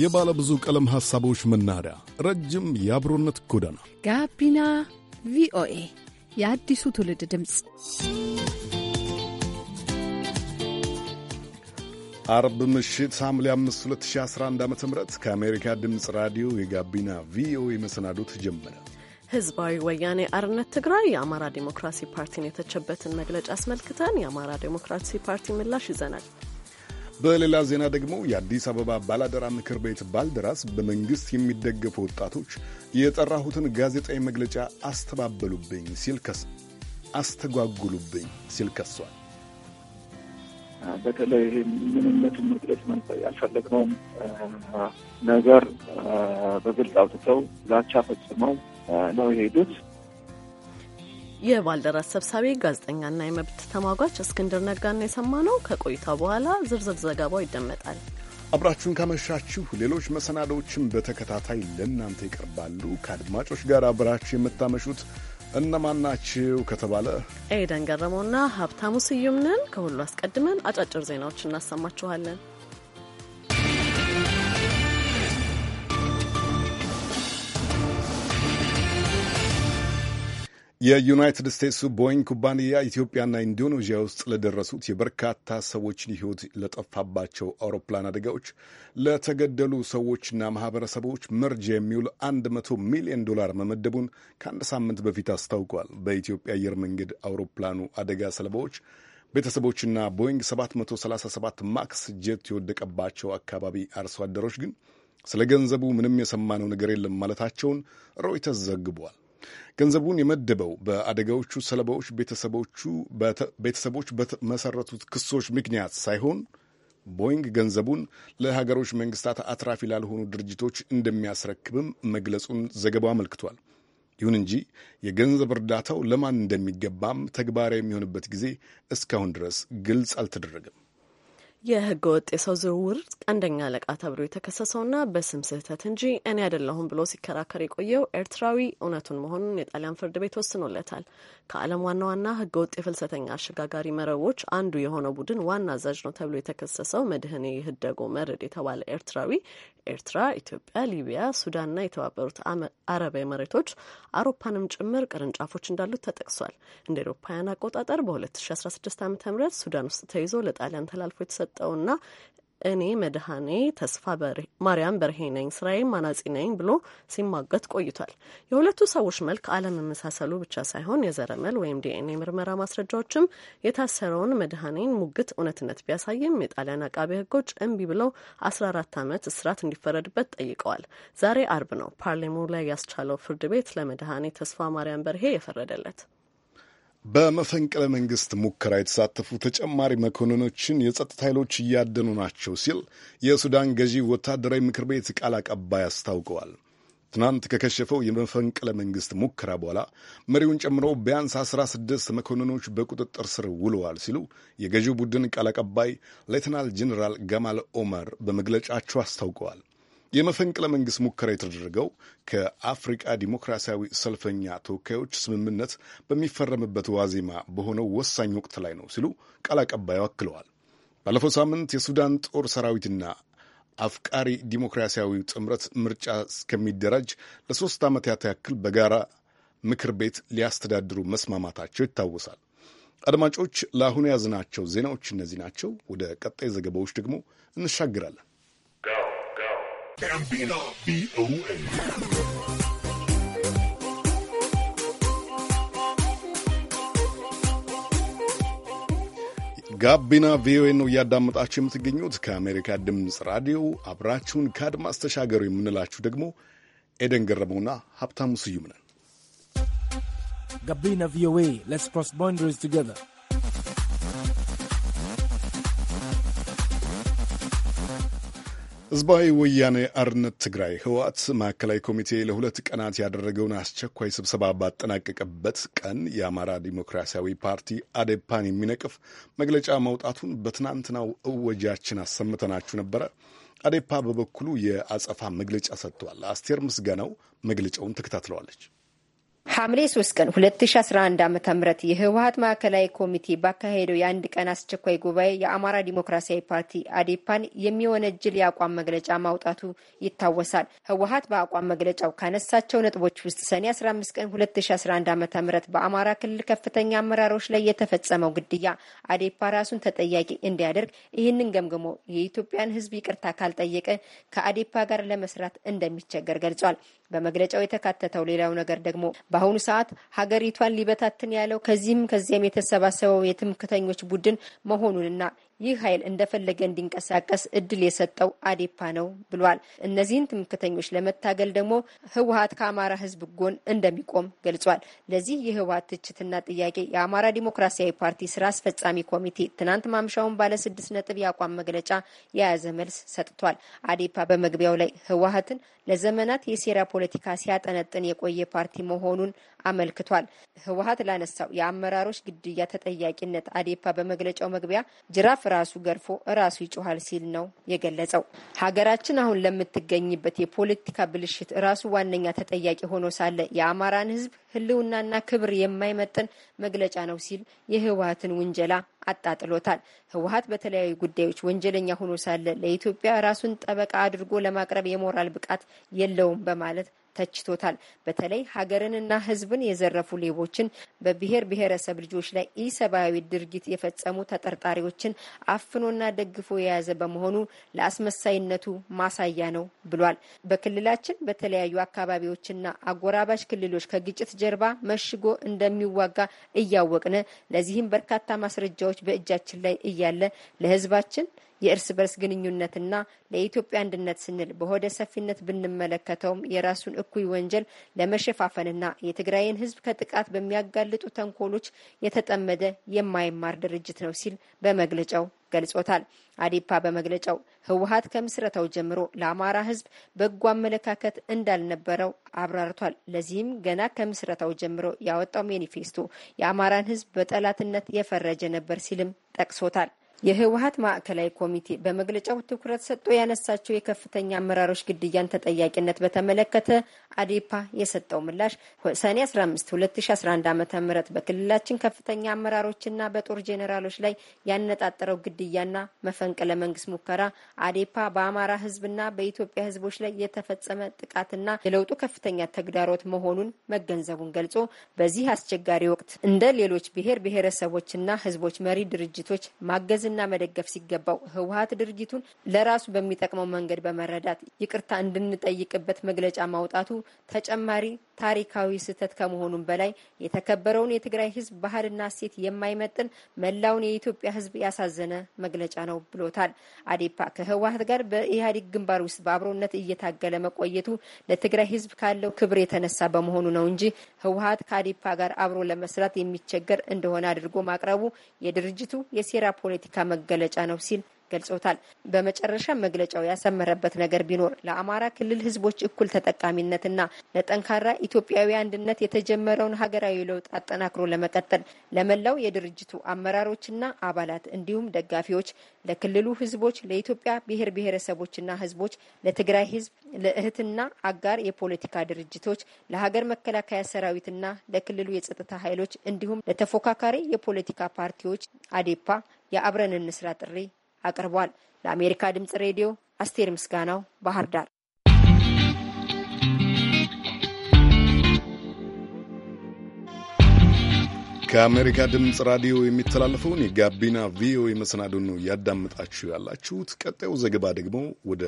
የባለ ብዙ ቀለም ሐሳቦች መናኸሪያ፣ ረጅም የአብሮነት ጎዳና ጋቢና ቪኦኤ የአዲሱ ትውልድ ድምፅ። አርብ ምሽት ሐምሌ 5 2011 ዓ ም ከአሜሪካ ድምፅ ራዲዮ የጋቢና ቪኦኤ መሰናዶ ተጀመረ። ህዝባዊ ወያኔ አርነት ትግራይ የአማራ ዲሞክራሲ ፓርቲን የተቸበትን መግለጫ አስመልክተን የአማራ ዲሞክራሲ ፓርቲ ምላሽ ይዘናል። በሌላ ዜና ደግሞ የአዲስ አበባ ባላደራ ምክር ቤት ባልደራስ በመንግሥት የሚደገፉ ወጣቶች የጠራሁትን ጋዜጣዊ መግለጫ አስተባበሉብኝ ሲል አስተጓጉሉብኝ ሲል ከሷል። በተለይ ምንነቱን መግለጽ ያልፈለግነውም ነገር በግልጽ አውጥተው ዛቻ ፈጽመው ነው የሄዱት። የባልደራስ ሰብሳቢ ጋዜጠኛና የመብት ተሟጓች እስክንድር ነጋና የሰማ ነው። ከቆይታው በኋላ ዝርዝር ዘገባው ይደመጣል። አብራችሁን ካመሻችሁ ሌሎች መሰናዶዎችን በተከታታይ ለእናንተ ይቀርባሉ። ከአድማጮች ጋር አብራችሁ የምታመሹት እነማን ናችሁ ከተባለ ኤደን ገረመውና ሀብታሙ ስዩምንን ከሁሉ አስቀድመን አጫጭር ዜናዎች እናሰማችኋለን። የዩናይትድ ስቴትሱ ቦይንግ ኩባንያ ኢትዮጵያና ኢንዶኔዥያ ውስጥ ለደረሱት የበርካታ ሰዎችን ሕይወት ለጠፋባቸው አውሮፕላን አደጋዎች ለተገደሉ ሰዎችና ማህበረሰቦች መርጃ የሚውል 100 ሚሊዮን ዶላር መመደቡን ከአንድ ሳምንት በፊት አስታውቋል። በኢትዮጵያ አየር መንገድ አውሮፕላኑ አደጋ ሰለባዎች ቤተሰቦችና ቦይንግ 737 ማክስ ጄት የወደቀባቸው አካባቢ አርሶ አደሮች ግን ስለ ገንዘቡ ምንም የሰማነው ነገር የለም ማለታቸውን ሮይተርስ ዘግቧል። ገንዘቡን የመደበው በአደጋዎቹ ሰለባዎች ቤተሰቦች በመሰረቱት ክሶች ምክንያት ሳይሆን ቦይንግ ገንዘቡን ለሀገሮች መንግስታት አትራፊ ላልሆኑ ድርጅቶች እንደሚያስረክብም መግለጹን ዘገባው አመልክቷል። ይሁን እንጂ የገንዘብ እርዳታው ለማን እንደሚገባም ተግባራዊ የሚሆንበት ጊዜ እስካሁን ድረስ ግልጽ አልተደረገም። የህገወጥ የሰው ዝውውር ቀንደኛ አለቃ ተብሎ የተከሰሰውና በስም ስህተት እንጂ እኔ አይደለሁም ብሎ ሲከራከር የቆየው ኤርትራዊ እውነቱን መሆኑን የጣሊያን ፍርድ ቤት ወስኖለታል። ከዓለም ዋና ዋና ህገወጥ የፍልሰተኛ አሸጋጋሪ መረቦች አንዱ የሆነው ቡድን ዋና አዛዥ ነው ተብሎ የተከሰሰው መድህኔ ህደጎ መርድ የተባለ ኤርትራዊ ኤርትራ፣ ኢትዮጵያ፣ ሊቢያ፣ ሱዳንና የተባበሩት አረብ ኤምሬቶች አውሮፓንም ጭምር ቅርንጫፎች እንዳሉት ተጠቅሷል። እንደ ኤሮፓውያን አቆጣጠር በ2016 ዓ ም ሱዳን ውስጥ ተይዞ ለጣሊያን ተላልፎ የተሰጠ የሰጠውና እኔ መድኃኔ ተስፋ ማርያም በርሄ ነኝ፣ ስራዬ ማናጺ ነኝ ብሎ ሲማገት ቆይቷል። የሁለቱ ሰዎች መልክ አለመመሳሰሉ ብቻ ሳይሆን የዘረመል ወይም ዲኤንኤ ምርመራ ማስረጃዎችም የታሰረውን መድኃኔን ሙግት እውነትነት ቢያሳይም የጣሊያን አቃቤ ሕጎች እምቢ ብለው አስራ አራት ዓመት እስራት እንዲፈረድበት ጠይቀዋል። ዛሬ አርብ ነው ፓርሌሞ ላይ ያስቻለው ፍርድ ቤት ለመድኃኔ ተስፋ ማርያም በርሄ የፈረደለት። በመፈንቅለ መንግስት ሙከራ የተሳተፉ ተጨማሪ መኮንኖችን የጸጥታ ኃይሎች እያደኑ ናቸው ሲል የሱዳን ገዢ ወታደራዊ ምክር ቤት ቃል አቀባይ አስታውቀዋል። ትናንት ከከሸፈው የመፈንቅለ መንግስት ሙከራ በኋላ መሪውን ጨምሮ ቢያንስ 16 መኮንኖች በቁጥጥር ስር ውለዋል ሲሉ የገዢው ቡድን ቃል አቀባይ ሌትናል ጄኔራል ገማል ኦመር በመግለጫቸው አስታውቀዋል። የመፈንቅለ መንግሥት ሙከራ የተደረገው ከአፍሪቃ ዲሞክራሲያዊ ሰልፈኛ ተወካዮች ስምምነት በሚፈረምበት ዋዜማ በሆነው ወሳኝ ወቅት ላይ ነው ሲሉ ቃል አቀባዩ አክለዋል። ባለፈው ሳምንት የሱዳን ጦር ሰራዊትና አፍቃሪ ዲሞክራሲያዊ ጥምረት ምርጫ እስከሚደራጅ ለሶስት ዓመታት ያክል በጋራ ምክር ቤት ሊያስተዳድሩ መስማማታቸው ይታወሳል። አድማጮች፣ ለአሁኑ የያዝናቸው ዜናዎች እነዚህ ናቸው። ወደ ቀጣይ ዘገባዎች ደግሞ እንሻግራለን። ጋቢና ቪኦኤ ጋቢና ቪኦኤ ነው እያዳመጣችሁ የምትገኙት። ከአሜሪካ ድምፅ ራዲዮ አብራችሁን ከአድማስ ተሻገሩ የምንላችሁ ደግሞ ኤደን ገረመውና ሀብታሙ ስዩም ነን። ጋቢና ቪኦኤ ሌትስ ክሮስ ባውንደሪስ ቱጌዘር ህዝባዊ ወያኔ አርነት ትግራይ ህወሓት ማዕከላዊ ኮሚቴ ለሁለት ቀናት ያደረገውን አስቸኳይ ስብሰባ ባጠናቀቀበት ቀን የአማራ ዲሞክራሲያዊ ፓርቲ አዴፓን የሚነቅፍ መግለጫ ማውጣቱን በትናንትናው እወጃችን አሰምተናችሁ ነበረ። አዴፓ በበኩሉ የአጸፋ መግለጫ ሰጥቷል። አስቴር ምስጋናው መግለጫውን ተከታትለዋለች። ሐምሌ 3 ቀን 2011 ዓ ም የህወሀት ማዕከላዊ ኮሚቴ ባካሄደው የአንድ ቀን አስቸኳይ ጉባኤ የአማራ ዲሞክራሲያዊ ፓርቲ አዴፓን የሚወነጅል የአቋም መግለጫ ማውጣቱ ይታወሳል። ህወሀት በአቋም መግለጫው ካነሳቸው ነጥቦች ውስጥ ሰኔ 15 ቀን 2011 ዓ ም በአማራ ክልል ከፍተኛ አመራሮች ላይ የተፈጸመው ግድያ አዴፓ ራሱን ተጠያቂ እንዲያደርግ፣ ይህንን ገምግሞ የኢትዮጵያን ህዝብ ይቅርታ ካልጠየቀ ከአዴፓ ጋር ለመስራት እንደሚቸገር ገልጿል። በመግለጫው የተካተተው ሌላው ነገር ደግሞ በአሁኑ ሰዓት ሀገሪቷን ሊበታትን ያለው ከዚህም ከዚያም የተሰባሰበው የትምክተኞች ቡድን መሆኑንና ይህ ኃይል እንደፈለገ እንዲንቀሳቀስ እድል የሰጠው አዴፓ ነው ብሏል። እነዚህን ትምክተኞች ለመታገል ደግሞ ህወሀት ከአማራ ህዝብ ጎን እንደሚቆም ገልጿል። ለዚህ የህወሀት ትችትና ጥያቄ የአማራ ዲሞክራሲያዊ ፓርቲ ስራ አስፈጻሚ ኮሚቴ ትናንት ማምሻውን ባለ ስድስት ነጥብ የአቋም መግለጫ የያዘ መልስ ሰጥቷል። አዴፓ በመግቢያው ላይ ህወሀትን ለዘመናት የሴራ ፖለቲካ ሲያጠነጥን የቆየ ፓርቲ መሆኑን አመልክቷል። ህወሀት ላነሳው የአመራሮች ግድያ ተጠያቂነት አዴፓ በመግለጫው መግቢያ ጅራፍ ራሱ ገርፎ ራሱ ይጮኋል ሲል ነው የገለጸው። ሀገራችን አሁን ለምትገኝበት የፖለቲካ ብልሽት ራሱ ዋነኛ ተጠያቂ ሆኖ ሳለ የአማራን ህዝብ ህልውናና ክብር የማይመጥን መግለጫ ነው ሲል የህወሀትን ውንጀላ አጣጥሎታል። ህወሀት በተለያዩ ጉዳዮች ወንጀለኛ ሆኖ ሳለ ለኢትዮጵያ ራሱን ጠበቃ አድርጎ ለማቅረብ የሞራል ብቃት የለውም በማለት ተችቶታል። በተለይ ሀገርንና ሕዝብን የዘረፉ ሌቦችን፣ በብሔር ብሔረሰብ ልጆች ላይ ኢሰብአዊ ድርጊት የፈጸሙ ተጠርጣሪዎችን አፍኖና ደግፎ የያዘ በመሆኑ ለአስመሳይነቱ ማሳያ ነው ብሏል። በክልላችን በተለያዩ አካባቢዎችና አጎራባች ክልሎች ከግጭት ጀርባ መሽጎ እንደሚዋጋ እያወቅነ ለዚህም በርካታ ማስረጃዎች በእጃችን ላይ እያለ ለህዝባችን የእርስ በርስ ግንኙነትና ለኢትዮጵያ አንድነት ስንል በሆደ ሰፊነት ብንመለከተውም የራሱን እኩይ ወንጀል ለመሸፋፈንና የትግራይን ሕዝብ ከጥቃት በሚያጋልጡ ተንኮሎች የተጠመደ የማይማር ድርጅት ነው ሲል በመግለጫው ገልጾታል። አዴፓ በመግለጫው ህወሀት ከምስረታው ጀምሮ ለአማራ ህዝብ በጎ አመለካከት እንዳልነበረው አብራርቷል። ለዚህም ገና ከምስረታው ጀምሮ ያወጣው ሜኒፌስቶ የአማራን ህዝብ በጠላትነት የፈረጀ ነበር ሲልም ጠቅሶታል። የህወሀት ማዕከላዊ ኮሚቴ በመግለጫው ትኩረት ሰጥቶ ያነሳቸው የከፍተኛ አመራሮች ግድያን ተጠያቂነት በተመለከተ አዴፓ የሰጠው ምላሽ ሰኔ 15 2011 ዓ ም በክልላችን ከፍተኛ አመራሮችና በጦር ጄኔራሎች ላይ ያነጣጠረው ግድያና መፈንቅለ መንግስት ሙከራ አዴፓ በአማራ ህዝብና በኢትዮጵያ ህዝቦች ላይ የተፈጸመ ጥቃትና የለውጡ ከፍተኛ ተግዳሮት መሆኑን መገንዘቡን ገልጾ በዚህ አስቸጋሪ ወቅት እንደ ሌሎች ብሔር ብሔረሰቦችና ህዝቦች መሪ ድርጅቶች ማገዝ እውቅና መደገፍ ሲገባው ህወሀት ድርጅቱን ለራሱ በሚጠቅመው መንገድ በመረዳት ይቅርታ እንድንጠይቅበት መግለጫ ማውጣቱ ተጨማሪ ታሪካዊ ስህተት ከመሆኑም በላይ የተከበረውን የትግራይ ህዝብ ባህልና እሴት የማይመጥን መላውን የኢትዮጵያ ህዝብ ያሳዘነ መግለጫ ነው ብሎታል። አዴፓ ከህወሀት ጋር በኢህአዴግ ግንባር ውስጥ በአብሮነት እየታገለ መቆየቱ ለትግራይ ህዝብ ካለው ክብር የተነሳ በመሆኑ ነው እንጂ ህወሀት ከአዴፓ ጋር አብሮ ለመስራት የሚቸገር እንደሆነ አድርጎ ማቅረቡ የድርጅቱ የሴራ ፖለቲካ መገለጫ ነው ሲል ገልጾታል። በመጨረሻ መግለጫው ያሰመረበት ነገር ቢኖር ለአማራ ክልል ህዝቦች እኩል ተጠቃሚነትና ለጠንካራ ኢትዮጵያዊ አንድነት የተጀመረውን ሀገራዊ ለውጥ አጠናክሮ ለመቀጠል ለመላው የድርጅቱ አመራሮችና አባላት እንዲሁም ደጋፊዎች፣ ለክልሉ ህዝቦች፣ ለኢትዮጵያ ብሔር ብሔረሰቦችና ህዝቦች፣ ለትግራይ ህዝብ፣ ለእህትና አጋር የፖለቲካ ድርጅቶች፣ ለሀገር መከላከያ ሰራዊትና ለክልሉ የጸጥታ ኃይሎች እንዲሁም ለተፎካካሪ የፖለቲካ ፓርቲዎች አዴፓ የአብረን እንስራ ጥሪ አቅርቧል። ለአሜሪካ ድምጽ ሬዲዮ አስቴር ምስጋናው ባህር ዳር። ከአሜሪካ ድምፅ ራዲዮ የሚተላለፈውን የጋቢና ቪኦኤ መሰናዶን ነው እያዳመጣችሁ ያላችሁት። ቀጣዩ ዘገባ ደግሞ ወደ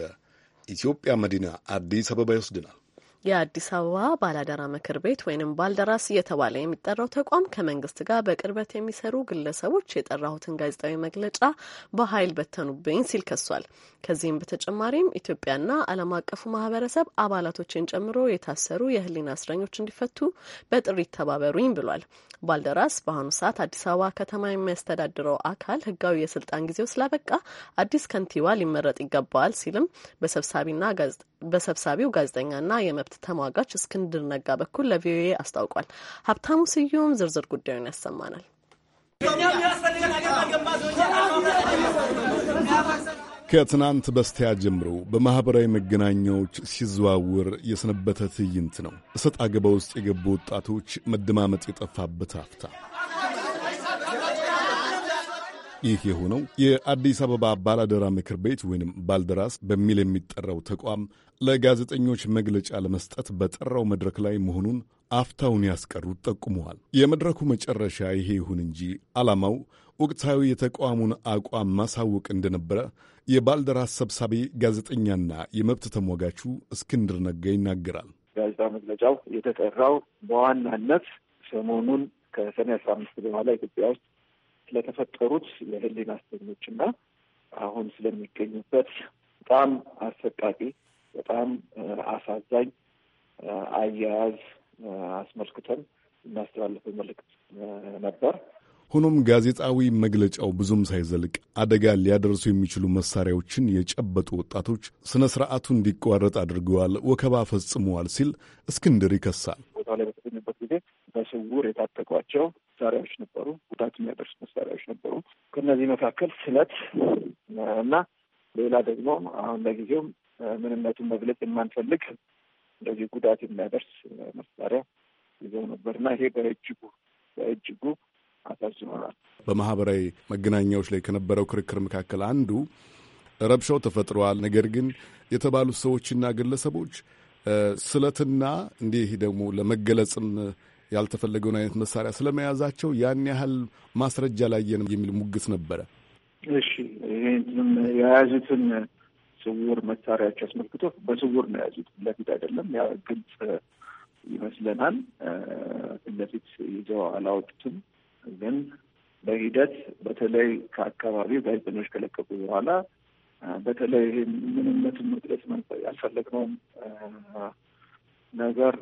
ኢትዮጵያ መዲና አዲስ አበባ ይወስድናል። የአዲስ አበባ ባላደራ ምክር ቤት ወይንም ባልደራስ እየተባለ የሚጠራው ተቋም ከመንግስት ጋር በቅርበት የሚሰሩ ግለሰቦች የጠራሁትን ጋዜጣዊ መግለጫ በኃይል በተኑብኝ ሲል ከሷል። ከዚህም በተጨማሪም ኢትዮጵያና ዓለም አቀፉ ማህበረሰብ አባላቶችን ጨምሮ የታሰሩ የህሊና እስረኞች እንዲፈቱ በጥሪ ይተባበሩኝ ብሏል። ባልደራስ በአሁኑ ሰዓት አዲስ አበባ ከተማ የሚያስተዳድረው አካል ህጋዊ የስልጣን ጊዜው ስላበቃ አዲስ ከንቲባ ሊመረጥ ይገባዋል ሲልም በሰብሳቢና በሰብሳቢው ጋዜጠኛና የመብት ተሟጋች እስክንድር ነጋ በኩል ለቪኦኤ አስታውቋል። ሀብታሙ ስዩም ዝርዝር ጉዳዩን ያሰማናል። ከትናንት በስቲያ ጀምሮ በማኅበራዊ መገናኛዎች ሲዘዋውር የሰነበተ ትዕይንት ነው። እሰጥ አገባ ውስጥ የገቡ ወጣቶች መደማመጥ የጠፋበት አፍታ ይህ የሆነው የአዲስ አበባ ባላደራ ምክር ቤት ወይም ባልደራስ በሚል የሚጠራው ተቋም ለጋዜጠኞች መግለጫ ለመስጠት በጠራው መድረክ ላይ መሆኑን አፍታውን ያስቀሩት ጠቁመዋል። የመድረኩ መጨረሻ ይሄ ይሁን እንጂ ዓላማው ወቅታዊ የተቋሙን አቋም ማሳወቅ እንደነበረ የባልደራስ ሰብሳቢ ጋዜጠኛና የመብት ተሟጋቹ እስክንድር ነጋ ይናገራል። ጋዜጣ መግለጫው የተጠራው በዋናነት ሰሞኑን ከሰኔ አስራ አምስት በኋላ ኢትዮጵያ ውስጥ ስለተፈጠሩት የህሊና እስረኞች እና አሁን ስለሚገኙበት በጣም አሰቃቂ በጣም አሳዛኝ አያያዝ አስመልክተን እናስተላልፈው መልእክት ነበር። ሆኖም ጋዜጣዊ መግለጫው ብዙም ሳይዘልቅ አደጋ ሊያደርሱ የሚችሉ መሳሪያዎችን የጨበጡ ወጣቶች ስነ ስርዓቱ እንዲቋረጥ አድርገዋል፣ ወከባ ፈጽመዋል ሲል እስክንድር ይከሳል። ቦታ ላይ በተገኙበት ጊዜ በስውር የታጠቋቸው መሳሪያዎች ነበሩ፣ ጉዳት የሚያደርስ መሳሪያዎች ነበሩ። ከእነዚህ መካከል ስለት እና ሌላ ደግሞ አሁን ለጊዜው ምንነቱን መግለጽ የማንፈልግ እንደዚህ ጉዳት የሚያደርስ መሳሪያ ይዘው ነበር እና ይሄ በእጅጉ በእጅጉ አሳዝኖናል። በማህበራዊ መገናኛዎች ላይ ከነበረው ክርክር መካከል አንዱ ረብሻው ተፈጥሯል፣ ነገር ግን የተባሉት ሰዎችና ግለሰቦች ስለትና እንዲህ ደግሞ ለመገለጽም ያልተፈለገውን አይነት መሳሪያ ስለመያዛቸው ያን ያህል ማስረጃ ላየንም የሚል ሙግት ነበረ። እሺ ይህንም የያዙትን ስውር መሳሪያቸው አስመልክቶ በስውር ነው የያዙት፣ ለፊት አይደለም። ያ ግልጽ ይመስለናል። ፊት ለፊት ይዘው አላወጡትም፣ ግን በሂደት በተለይ ከአካባቢ ጋዜጠኞች ከለቀቁ በኋላ በተለይ ምንነትን መግለጽ ያልፈለግነውም ነገር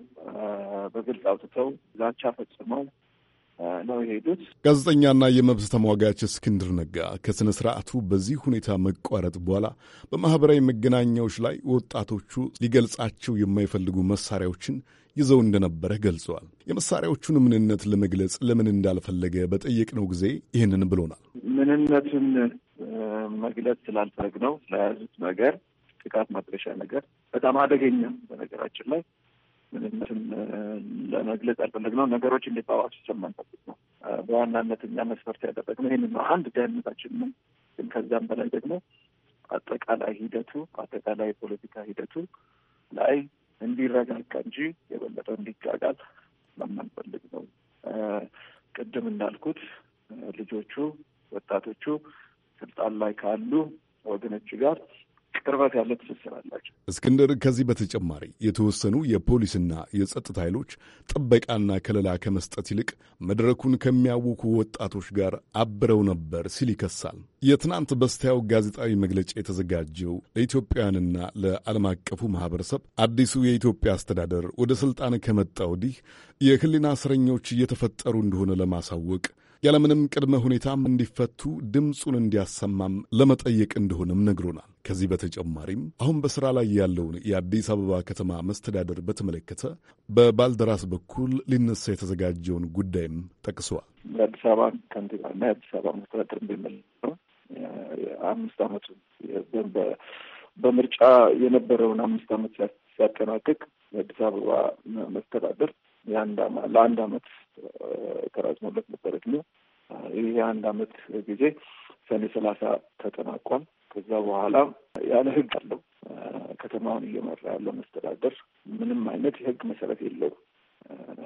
በግልጽ አውጥተው ዛቻ ፈጽመው ነው የሄዱት። ጋዜጠኛና የመብት ተሟጋች እስክንድር ነጋ ከሥነ ሥርዓቱ በዚህ ሁኔታ መቋረጥ በኋላ በማኅበራዊ መገናኛዎች ላይ ወጣቶቹ ሊገልጻቸው የማይፈልጉ መሳሪያዎችን ይዘው እንደነበረ ገልጸዋል። የመሳሪያዎቹን ምንነት ለመግለጽ ለምን እንዳልፈለገ በጠየቅነው ጊዜ ይህንን ብሎናል። ምንነትን መግለጽ ስላልፈለግ ነው ስለያዙት ነገር ጥቃት ማድረሻ ነገር በጣም አደገኛ በነገራችን ላይ ምንነትም ለመግለጽ ያልፈለግ ነው ነገሮች እንዲባባሱ ስለማንፈልግ ነው። በዋናነት እኛ መስፈርት ያደረግነው ይህንን ነው። አንድ ደህንነታችን ነው፣ ግን ከዛም በላይ ደግሞ አጠቃላይ ሂደቱ አጠቃላይ የፖለቲካ ሂደቱ ላይ እንዲረጋጋ እንጂ የበለጠው እንዲጋጋል ስለማንፈልግ ነው። ቅድም እንዳልኩት ልጆቹ ወጣቶቹ ስልጣን ላይ ካሉ ወገኖች ጋር ቅርበት ያለ ትስስር አላቸው። እስክንድር፣ ከዚህ በተጨማሪ የተወሰኑ የፖሊስና የጸጥታ ኃይሎች ጥበቃና ከለላ ከመስጠት ይልቅ መድረኩን ከሚያውኩ ወጣቶች ጋር አብረው ነበር ሲል ይከሳል። የትናንት በስቲያው ጋዜጣዊ መግለጫ የተዘጋጀው ለኢትዮጵያውያንና ለዓለም አቀፉ ማህበረሰብ አዲሱ የኢትዮጵያ አስተዳደር ወደ ስልጣን ከመጣ ወዲህ የህሊና እስረኞች እየተፈጠሩ እንደሆነ ለማሳወቅ ያለምንም ቅድመ ሁኔታም እንዲፈቱ ድምፁን እንዲያሰማም ለመጠየቅ እንደሆነም ነግሮናል። ከዚህ በተጨማሪም አሁን በስራ ላይ ያለውን የአዲስ አበባ ከተማ መስተዳደር በተመለከተ በባልደራስ በኩል ሊነሳ የተዘጋጀውን ጉዳይም ጠቅሰዋል። የአዲስ አበባ ከንቲባና የአዲስ አበባ መስተዳደር አምስት አመቱ በምርጫ የነበረውን አምስት አመት ሲያጠናቅቅ የአዲስ አበባ መስተዳደር ለአንድ አመት ተራዝሞለት ነበር እድሜ። ይህ የአንድ አመት ጊዜ ሰኔ ሰላሳ ተጠናቋል። ከዛ በኋላ ያለ ህግ አለው ከተማውን እየመራ ያለው መስተዳደር ምንም አይነት የህግ መሰረት የለው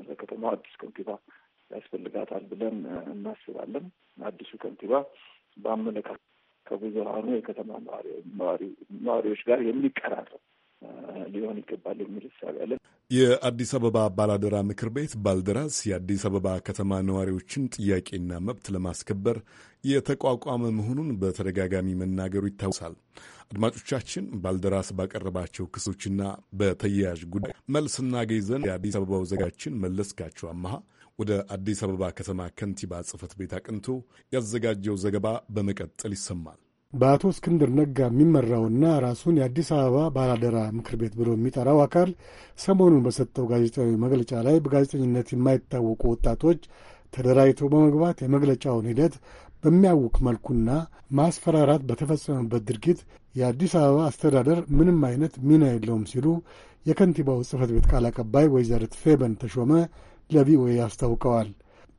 ለከተማው አዲስ ከንቲባ ያስፈልጋታል ብለን እናስባለን። አዲሱ ከንቲባ በአመለካከት ከብዙሀኑ የከተማ ነዋሪዎች ጋር የሚቀራረብ ሊሆን ይገባል የሚል ሳቢያለን። የአዲስ አበባ ባላደራ ምክር ቤት ባልደራስ የአዲስ አበባ ከተማ ነዋሪዎችን ጥያቄና መብት ለማስከበር የተቋቋመ መሆኑን በተደጋጋሚ መናገሩ ይታወሳል። አድማጮቻችን ባልደራስ ባቀረባቸው ክሶችና በተያያዥ ጉዳይ መልስ እናገኝ ዘንድ የአዲስ አበባው ዘጋችን መለስካቸው አመሃ ወደ አዲስ አበባ ከተማ ከንቲባ ጽሕፈት ቤት አቅንቶ ያዘጋጀው ዘገባ በመቀጠል ይሰማል። በአቶ እስክንድር ነጋ የሚመራውና ራሱን የአዲስ አበባ ባላደራ ምክር ቤት ብሎ የሚጠራው አካል ሰሞኑን በሰጠው ጋዜጣዊ መግለጫ ላይ በጋዜጠኝነት የማይታወቁ ወጣቶች ተደራጅተው በመግባት የመግለጫውን ሂደት በሚያውክ መልኩና ማስፈራራት በተፈጸመበት ድርጊት የአዲስ አበባ አስተዳደር ምንም አይነት ሚና የለውም ሲሉ የከንቲባው ጽፈት ቤት ቃል አቀባይ ወይዘሪት ፌበን ተሾመ ለቪኦኤ አስታውቀዋል።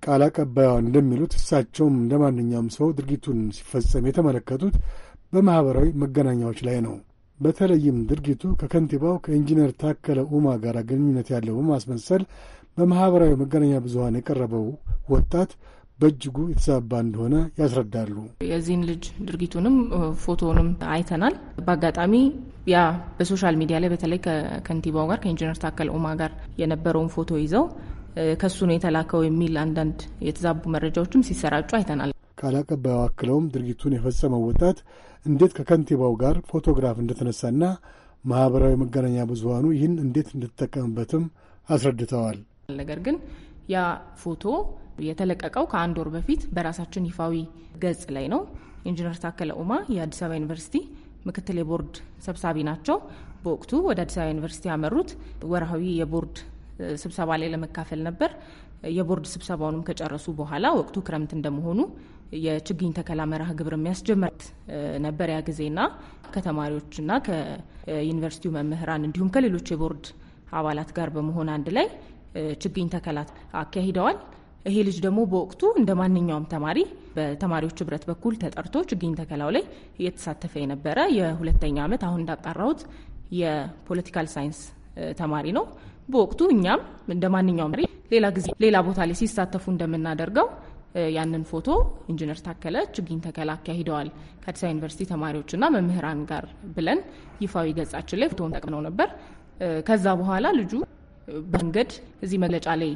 ቃል አቀባይዋ እንደሚሉት እሳቸውም እንደ ማንኛውም ሰው ድርጊቱን ሲፈጸም የተመለከቱት በማኅበራዊ መገናኛዎች ላይ ነው። በተለይም ድርጊቱ ከከንቲባው ከኢንጂነር ታከለ ኡማ ጋር ግንኙነት ያለው በማስመሰል በማኅበራዊ መገናኛ ብዙሀን የቀረበው ወጣት በእጅጉ የተዛባ እንደሆነ ያስረዳሉ። የዚህን ልጅ ድርጊቱንም ፎቶውንም አይተናል። በአጋጣሚ ያ በሶሻል ሚዲያ ላይ በተለይ ከከንቲባው ጋር ከኢንጂነር ታከል ኡማ ጋር የነበረውን ፎቶ ይዘው ከሱ ነው የተላከው የሚል አንዳንድ የተዛቡ መረጃዎችም ሲሰራጩ አይተናል። ቃል አቀባዩ አክለውም ድርጊቱን የፈጸመው ወጣት እንዴት ከከንቲባው ጋር ፎቶግራፍ እንደተነሳና ማህበራዊ መገናኛ ብዙሀኑ ይህን እንዴት እንደተጠቀምበትም አስረድተዋል። ነገር ግን ያ ፎቶ የተለቀቀው ከአንድ ወር በፊት በራሳችን ይፋዊ ገጽ ላይ ነው። ኢንጂነር ታከለ ኡማ የአዲስ አበባ ዩኒቨርሲቲ ምክትል የቦርድ ሰብሳቢ ናቸው። በወቅቱ ወደ አዲስ አበባ ዩኒቨርሲቲ ያመሩት ወርሃዊ የቦርድ ስብሰባ ላይ ለመካፈል ነበር። የቦርድ ስብሰባውንም ከጨረሱ በኋላ ወቅቱ ክረምት እንደመሆኑ የችግኝ ተከላ መርሃ ግብር የሚያስጀምረት ነበር ያ ጊዜና ከተማሪዎችና ከዩኒቨርሲቲው መምህራን እንዲሁም ከሌሎች የቦርድ አባላት ጋር በመሆን አንድ ላይ ችግኝ ተከላት አካሂደዋል። ይሄ ልጅ ደግሞ በወቅቱ እንደ ማንኛውም ተማሪ በተማሪዎች ህብረት በኩል ተጠርቶ ችግኝ ተከላው ላይ እየተሳተፈ የነበረ የሁለተኛ ዓመት አሁን እንዳጣራሁት የፖለቲካል ሳይንስ ተማሪ ነው። በወቅቱ እኛም እንደ ማንኛውም መሪ ሌላ ጊዜ ሌላ ቦታ ላይ ሲሳተፉ እንደምናደርገው ያንን ፎቶ ኢንጂነር ታከለ ችግኝ ተከላ አካሂደዋል ከአዲስ አበባ ዩኒቨርሲቲ ተማሪዎችና መምህራን ጋር ብለን ይፋዊ ገጻችን ላይ ፎቶን ጠቅመው ነበር። ከዛ በኋላ ልጁ በመንገድ እዚህ መግለጫ ላይ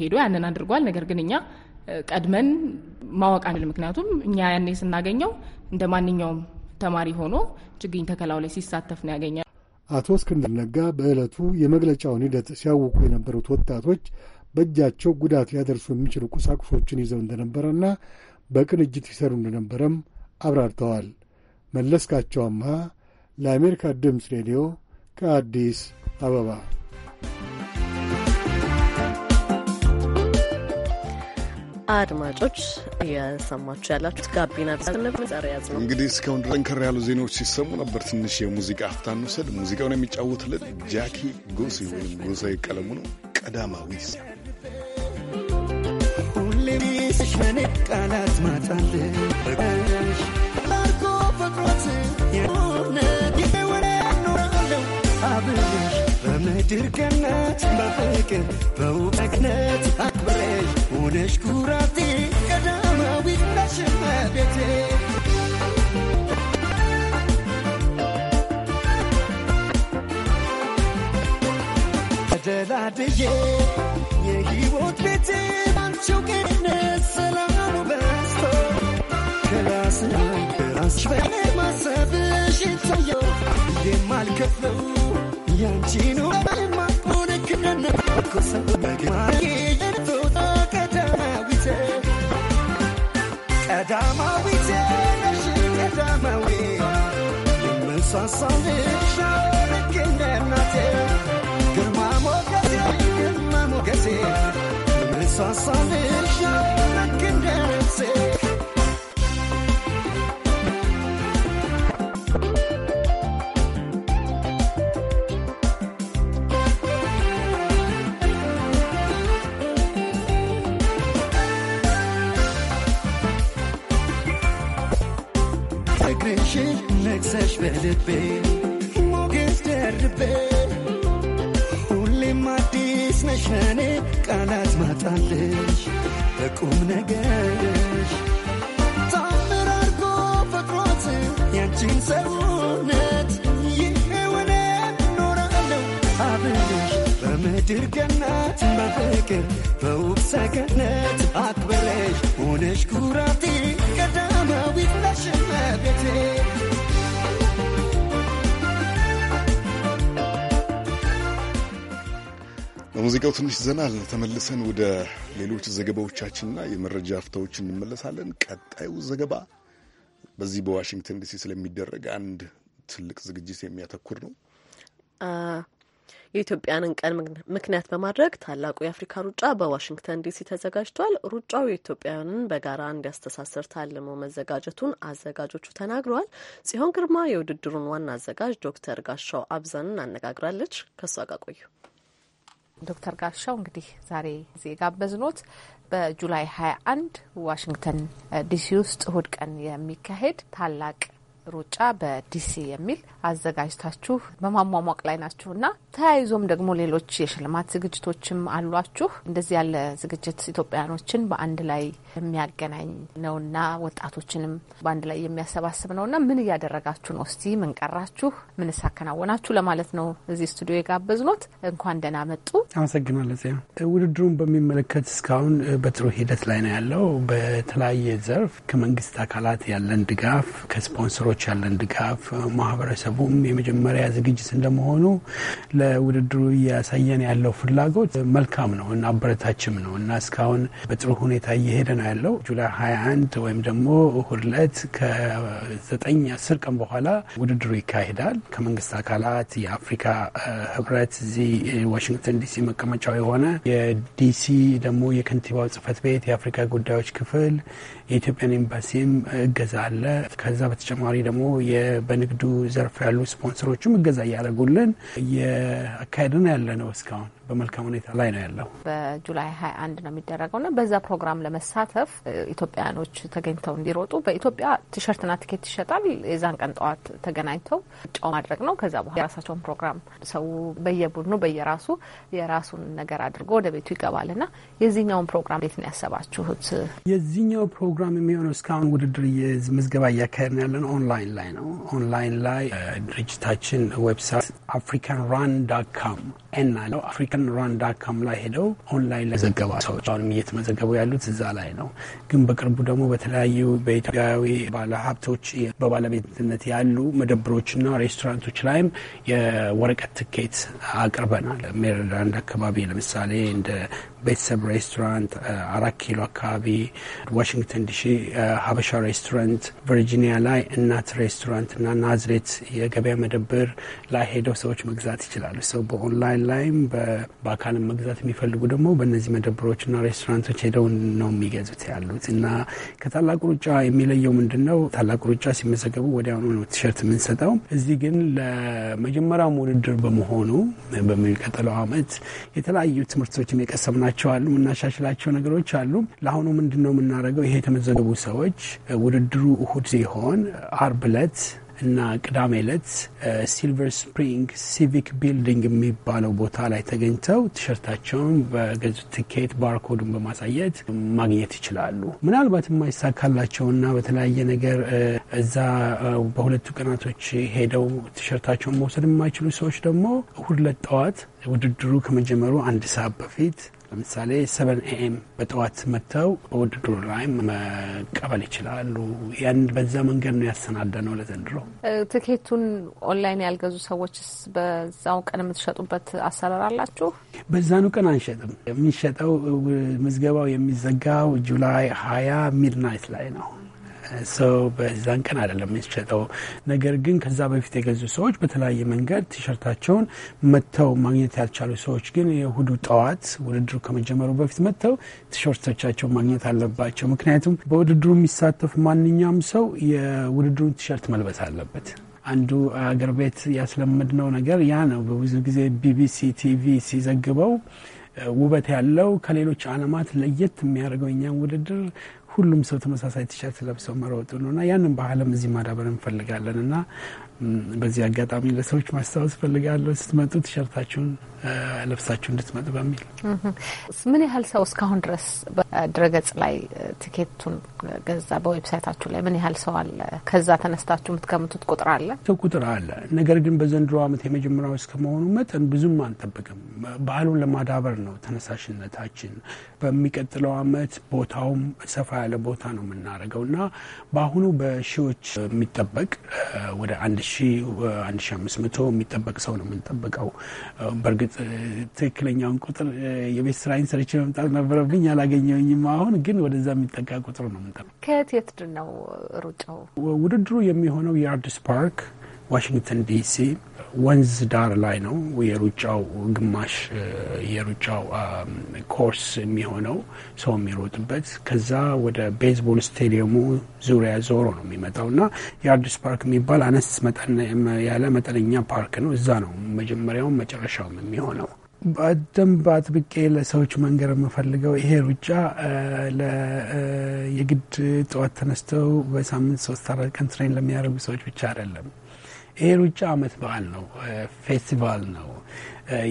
ሄዶ ያንን አድርጓል። ነገር ግን እኛ ቀድመን ማወቅ አንል። ምክንያቱም እኛ ያኔ ስናገኘው እንደ ማንኛውም ተማሪ ሆኖ ችግኝ ተከላው ላይ ሲሳተፍ ነው ያገኛል። አቶ እስክንድር ነጋ በዕለቱ የመግለጫውን ሂደት ሲያውቁ የነበሩት ወጣቶች በእጃቸው ጉዳት ሊያደርሱ የሚችሉ ቁሳቁሶችን ይዘው እንደነበረና በቅንጅት ይሰሩ እንደነበረም አብራርተዋል። መለስካቸው አምሃ ለአሜሪካ ድምፅ ሬዲዮ ከአዲስ አበባ አድማጮች እየሰማችሁ ያላችሁት ጋቢና ያዝ ነው። እንግዲህ እስካሁን ጠንከር ያሉ ዜናዎች ሲሰሙ ነበር። ትንሽ የሙዚቃ አፍታ እንውሰድ። ሙዚቃውን የሚጫወትልን ጃኪ ጎሴ ወይም ጎሳዊ ቀለሙ ነው። ቀዳማዊ ሁሌ ቃላት ማጣለሽ በምድር ገነት በፍቅር በውበቅነት ነሽ ኩራቴ ቀዳማዊት ነሽ እመቤቴ ተደላድዬ የሕይወት ቤቴ ዳማዊቴ ዳማዊቴ ዳማዊ የምንሳሳልሻ ከሙዚቃው ትንሽ ዘናል ተመልሰን ወደ ሌሎች ዘገባዎቻችንና የመረጃ አፍታዎች እንመለሳለን። ቀጣዩ ዘገባ በዚህ በዋሽንግተን ዲሲ ስለሚደረግ አንድ ትልቅ ዝግጅት የሚያተኩር ነው። የኢትዮጵያንን ቀን ምክንያት በማድረግ ታላቁ የአፍሪካ ሩጫ በዋሽንግተን ዲሲ ተዘጋጅቷል። ሩጫው የኢትዮጵያውያንን በጋራ እንዲያስተሳስር ታልሞ መዘጋጀቱን አዘጋጆቹ ተናግረዋል። ጽዮን ግርማ የውድድሩን ዋና አዘጋጅ ዶክተር ጋሻው አብዛንን አነጋግራለች። ከእሷ ጋር ቆዩ። ዶክተር ጋሻው እንግዲህ ዛሬ በዝኖት በጁላይ 21 ዋሽንግተን ዲሲ ውስጥ እሁድ ቀን የሚካሄድ ታላቅ ሩጫ በዲሲ የሚል አዘጋጅታችሁ በማሟሟቅ ላይ ናችሁ እና ተያይዞም ደግሞ ሌሎች የሽልማት ዝግጅቶችም አሏችሁ። እንደዚህ ያለ ዝግጅት ኢትዮጵያኖችን በአንድ ላይ የሚያገናኝ ነውና ወጣቶችንም በአንድ ላይ የሚያሰባስብ ነውና ምን እያደረጋችሁ ነው? እስቲ ምን ቀራችሁ? ምን ሳከናወናችሁ ለማለት ነው እዚህ ስቱዲዮ የጋበዝኖት። እንኳን ደህና መጡ። አመሰግናለሁ። ውድድሩን በሚመለከት እስካሁን በጥሩ ሂደት ላይ ነው ያለው። በተለያየ ዘርፍ ከመንግስት አካላት ያለን ድጋፍ ከስፖንሰሮች ለውድድሮች ያለን ድጋፍ ማህበረሰቡም የመጀመሪያ ዝግጅት እንደመሆኑ ለውድድሩ እያሳየን ያለው ፍላጎት መልካም ነው እና አበረታችም ነው እና እስካሁን በጥሩ ሁኔታ እየሄደ ነው ያለው። ጁላይ 21 ወይም ደግሞ እሁድ ዕለት ከዘጠኝ አስር ቀን በኋላ ውድድሩ ይካሄዳል። ከመንግስት አካላት የአፍሪካ ህብረት እዚህ ዋሽንግተን ዲሲ መቀመጫው የሆነ የዲሲ ደግሞ የከንቲባው ጽህፈት ቤት የአፍሪካ ጉዳዮች ክፍል የኢትዮጵያን ኤምባሲም እገዛ አለ። ከዛ በተጨማሪ ደግሞ በንግዱ ዘርፍ ያሉ ስፖንሰሮችም እገዛ እያደረጉልን እያካሄድን ያለ ነው እስካሁን በመልካም ሁኔታ ላይ ነው ያለው። በጁላይ 21 ነው የሚደረገው ና በዛ ፕሮግራም ለመሳተፍ ኢትዮጵያውያኖች ተገኝተው እንዲሮጡ በኢትዮጵያ ቲሸርትና ቲኬት ይሸጣል። የዛን ቀን ጠዋት ተገናኝተው ጫው ማድረግ ነው። ከዛ በኋላ የራሳቸውን ፕሮግራም ሰው በየቡድኑ በየራሱ የራሱን ነገር አድርጎ ወደ ቤቱ ና የዚህኛውን ፕሮግራም ቤት ነው ያሰባችሁት? የዚህኛው ፕሮግራም የሚሆነው እስካሁን ውድድር ምዝገባ እያካሄድ ነው ያለን ኦንላይን ላይ ነው። ኦንላይን ላይ ድርጅታችን ዌብሳይት አፍሪካን ራን ዳት ካም እና አፍሪካን ሩዋንዳ ካም ላይ ሄደው ኦንላይን ላይ ዘገባ ሰዎች አሁንም እየተመዘገቡ ያሉት እዛ ላይ ነው። ግን በቅርቡ ደግሞ በተለያዩ በኢትዮጵያዊ ባለሀብቶች በባለቤትነት ያሉ መደብሮችና ሬስቶራንቶች ላይም የወረቀት ትኬት አቅርበናል። ሜሪላንድ አካባቢ ለምሳሌ እንደ ቤተሰብ ሬስቶራንት አራት ኪሎ አካባቢ፣ ዋሽንግተን ዲሲ ሀበሻ ሬስቶራንት፣ ቨርጂኒያ ላይ እናት ሬስቶራንት እና ናዝሬት የገበያ መደብር ላይ ሄደው ሰዎች መግዛት ይችላሉ። ሰው በኦንላይን ላይም በአካልም መግዛት የሚፈልጉ ደግሞ በእነዚህ መደብሮችና ሬስቶራንቶች ሄደው ነው የሚገዙት ያሉት እና ከታላቁ ሩጫ የሚለየው ምንድን ነው? ታላቁ ሩጫ ሲመዘገቡ ወዲያውኑ ነው ቲሸርት የምንሰጠው። እዚህ ግን ለመጀመሪያውም ውድድር በመሆኑ በሚቀጥለው ዓመት የተለያዩ ትምህርቶች የቀሰምና የምናጤናቸው አሉ፣ የምናሻሽላቸው ነገሮች አሉ። ለአሁኑ ምንድን ነው የምናደርገው? ይሄ የተመዘገቡ ሰዎች ውድድሩ እሁድ ሲሆን አርብ ዕለት እና ቅዳሜ ዕለት ሲልቨር ስፕሪንግ ሲቪክ ቢልዲንግ የሚባለው ቦታ ላይ ተገኝተው ቲሸርታቸውን በገዙ ትኬት ባርኮዱን በማሳየት ማግኘት ይችላሉ። ምናልባት የማይሳካላቸውና በተለያየ ነገር እዛ በሁለቱ ቀናቶች ሄደው ቲሸርታቸውን መውሰድ የማይችሉ ሰዎች ደግሞ እሁድ ዕለት ጠዋት ውድድሩ ከመጀመሩ አንድ ሰዓት በፊት ለምሳሌ ሰቨን ኤኤም በጠዋት መጥተው በውድድሩ ላይ መቀበል ይችላሉ። ያን በዛ መንገድ ነው ያሰናዳ ነው ለዘንድሮ። ትኬቱን ኦንላይን ያልገዙ ሰዎችስ በዛው ቀን የምትሸጡበት አሰራር አላችሁ? በዛኑ ቀን አንሸጥም። የሚሸጠው ምዝገባው የሚዘጋው ጁላይ ሀያ ሚድናይት ላይ ነው። ሰው በዛን ቀን አይደለም የሚሸጠው። ነገር ግን ከዛ በፊት የገዙ ሰዎች በተለያየ መንገድ ቲሸርታቸውን መጥተው ማግኘት ያልቻሉ ሰዎች ግን የእሁዱ ጠዋት ውድድሩ ከመጀመሩ በፊት መጥተው ቲሸርቶቻቸውን ማግኘት አለባቸው። ምክንያቱም በውድድሩ የሚሳተፉ ማንኛውም ሰው የውድድሩን ቲሸርት መልበስ አለበት። አንዱ አገር ቤት ያስለመድነው ነገር ያ ነው። በብዙ ጊዜ ቢቢሲ ቲቪ ሲዘግበው ውበት ያለው ከሌሎች ዓለማት ለየት የሚያደርገው እኛን ውድድር ሁሉም ሰው ተመሳሳይ ቲሸርት ለብሰው መሮጡ ነው እና ያንን ባህልም እዚህ ማዳበር እንፈልጋለን እና በዚህ አጋጣሚ ለሰዎች ማስታወስ ፈልጋለሁ፣ ስትመጡ ቲሸርታችሁን ለብሳችሁ እንድትመጡ በሚል ምን ያህል ሰው እስካሁን ድረስ በድረገጽ ላይ ቲኬቱን ገዛ? በዌብሳይታችሁ ላይ ምን ያህል ሰው አለ? ከዛ ተነስታችሁ የምትገምቱት ቁጥር አለ? ሰው ቁጥር አለ። ነገር ግን በዘንድሮ ዓመት የመጀመሪያው እስከመሆኑ መጠን ብዙም አንጠብቅም። ባህሉን ለማዳበር ነው ተነሳሽነታችን። በሚቀጥለው ዓመት ቦታውም ሰፋ ያለ ቦታ ነው የምናደርገው እና በአሁኑ በሺዎች የሚጠበቅ ወደ አንድ 1500 የሚጠበቅ ሰው ነው የምንጠብቀው። በእርግጥ ትክክለኛውን ቁጥር የቤት ስራዬን ሰርቼ መምጣት ነበረብኝ፣ አላገኘኝም። አሁን ግን ወደዛ የሚጠጋ ቁጥር ነው የምንጠብቀው። ከየት የት ነው ሩጫው? ውድድሩ የሚሆነው የአርድስ ፓርክ ዋሽንግተን ዲሲ ወንዝ ዳር ላይ ነው የሩጫው ግማሽ የሩጫው ኮርስ የሚሆነው ሰው የሚሮጥበት። ከዛ ወደ ቤዝቦል ስቴዲየሙ ዙሪያ ዞሮ ነው የሚመጣው እና የአዲስ ፓርክ የሚባል አነስ ያለ መጠነኛ ፓርክ ነው። እዛ ነው መጀመሪያውም መጨረሻውም የሚሆነው። በደንብ አጥብቄ ለሰዎች መንገር የምፈልገው ይሄ ሩጫ የግድ ጠዋት ተነስተው በሳምንት ሶስት አራት ቀን ትሬን ለሚያደርጉ ሰዎች ብቻ አይደለም። ይሄ ሩጫ አመት በዓል ነው፣ ፌስቲቫል ነው።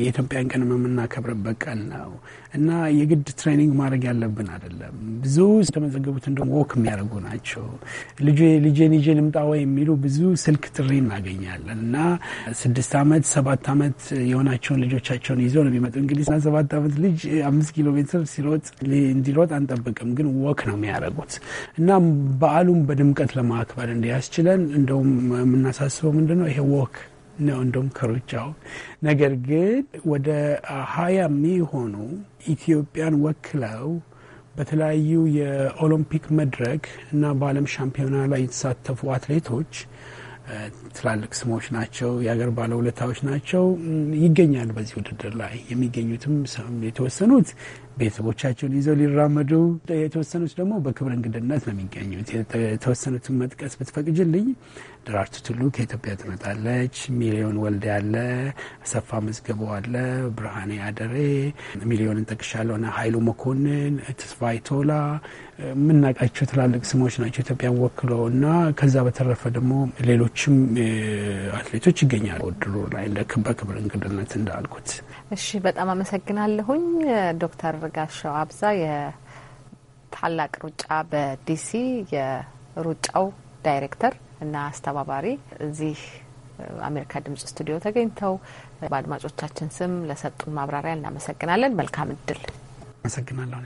የኢትዮጵያን ቀን የምናከብርበት ቀን ነው እና የግድ ትሬኒንግ ማድረግ ያለብን አይደለም። ብዙ የተመዘገቡት እንደ ወክ የሚያደርጉ ናቸው። ልጄን ይዤ ልምጣ ወይ የሚሉ ብዙ ስልክ ጥሪ እናገኛለን እና ስድስት ዓመት ሰባት ዓመት የሆናቸውን ልጆቻቸውን ይዘው ነው የሚመጡ። እንግዲህ ሰባት ዓመት ልጅ አምስት ኪሎ ሜትር ሲሮጥ እንዲሮጥ አንጠብቅም፣ ግን ወክ ነው የሚያደርጉት እና በዓሉም በድምቀት ለማክበር እንዲያስችለን እንደውም የምናሳስበው ምንድነው ይሄ ወክ ነው እንደውም ከሩጫው ነገር ግን ወደ ሀያ የሚሆኑ ኢትዮጵያን ወክለው በተለያዩ የኦሎምፒክ መድረክ እና በዓለም ሻምፒዮና ላይ የተሳተፉ አትሌቶች ትላልቅ ስሞች ናቸው። የሀገር ባለውለታዎች ናቸው። ይገኛሉ በዚህ ውድድር ላይ የሚገኙትም የተወሰኑት ቤተሰቦቻቸውን ይዘው ሊራመዱ፣ የተወሰኑት ደግሞ በክብር እንግድነት ነው የሚገኙት። የተወሰኑትን መጥቀስ ብትፈቅጅልኝ ደራርቱ ቱሉ ከኢትዮጵያ ትመጣለች። ሚሊዮን ወልድ ያለ፣ አሰፋ መዝገቡ አለ፣ ብርሃኔ አደሬ፣ ሚሊዮንን ጠቅሻለሁ፣ ኃይሉ መኮንን፣ ተስፋዬ ይቶላ የምናውቃቸው ትላልቅ ስሞች ናቸው ኢትዮጵያን ወክሎ እና ከዛ በተረፈ ደግሞ ሌሎችም አትሌቶች ይገኛሉ ውድድሩ ላይ በክብር እንግድነት እንዳልኩት እሺ በጣም አመሰግናለሁኝ ዶክተር ጋሻው አብዛ የታላቅ ሩጫ በዲሲ የሩጫው ዳይሬክተር እና አስተባባሪ እዚህ አሜሪካ ድምጽ ስቱዲዮ ተገኝተው በአድማጮቻችን ስም ለሰጡን ማብራሪያ እናመሰግናለን። መልካም እድል። አመሰግናለሁ።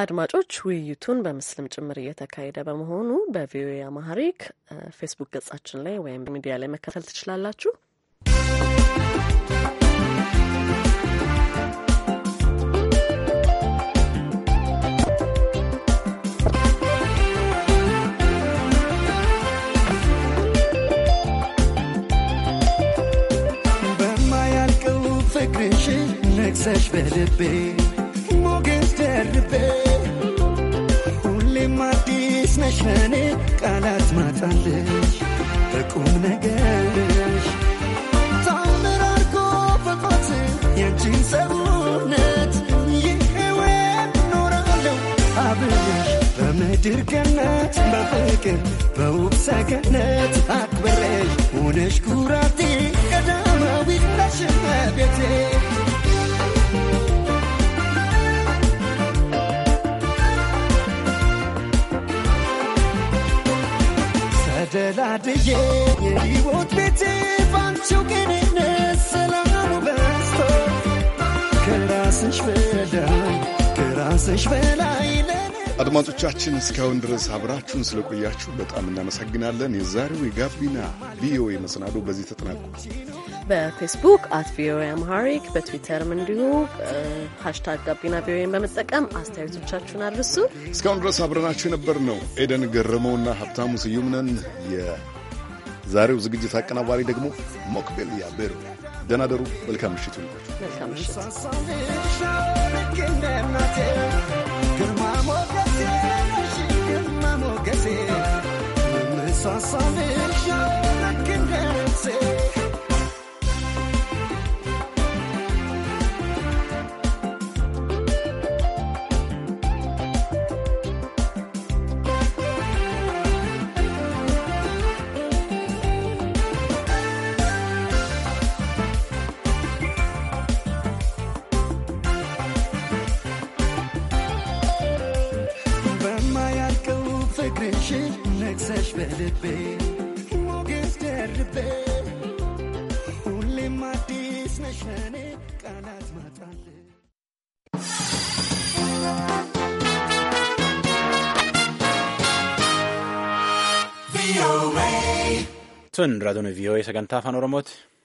አድማጮች ውይይቱን በምስልም ጭምር እየተካሄደ በመሆኑ በቪኦኤ አማሪክ ፌስቡክ ገጻችን ላይ ወይም ሚዲያ ላይ መከተል ትችላላችሁ። ደርሰሽ በልቤ ሞገስ ደርቤ ሁሌም አዲስ ነሽ ለኔ ቃላት ማጣለሽ በቁም ነገርሽ ታምር አርጎ ፈጥሮት ያንቺን ሰውነት ይህወት ኖራለሁ አብሽ በምድር ገነት በፍቅር በውብ ሰገነት አክብሬሽ ሆነሽ ጉራ አድማጮቻችን እስካሁን ድረስ አብራችሁን ስለቆያችሁ በጣም እናመሰግናለን። የዛሬው የጋቢና ቪኦኤ መሰናዶ በዚህ ተጠናቋል። በፌስቡክ አት ቪኦኤ አምሃሪክ በትዊተርም እንዲሁ ሀሽታግ ጋቢና ቪኦኤን በመጠቀም አስተያየቶቻችሁን አድርሱ። እስካሁን ድረስ አብረናችሁ የነበር ነው ኤደን ገረመውና ሀብታሙ ስዩም ነን። የዛሬው ዝግጅት አቀናባሪ ደግሞ ሞክቤል ያቤሩ። ደናደሩ መልካም ምሽት። መልካም ምሽት። turtun raadiyoo vii'oo'ee sagantaa afaan oromooti.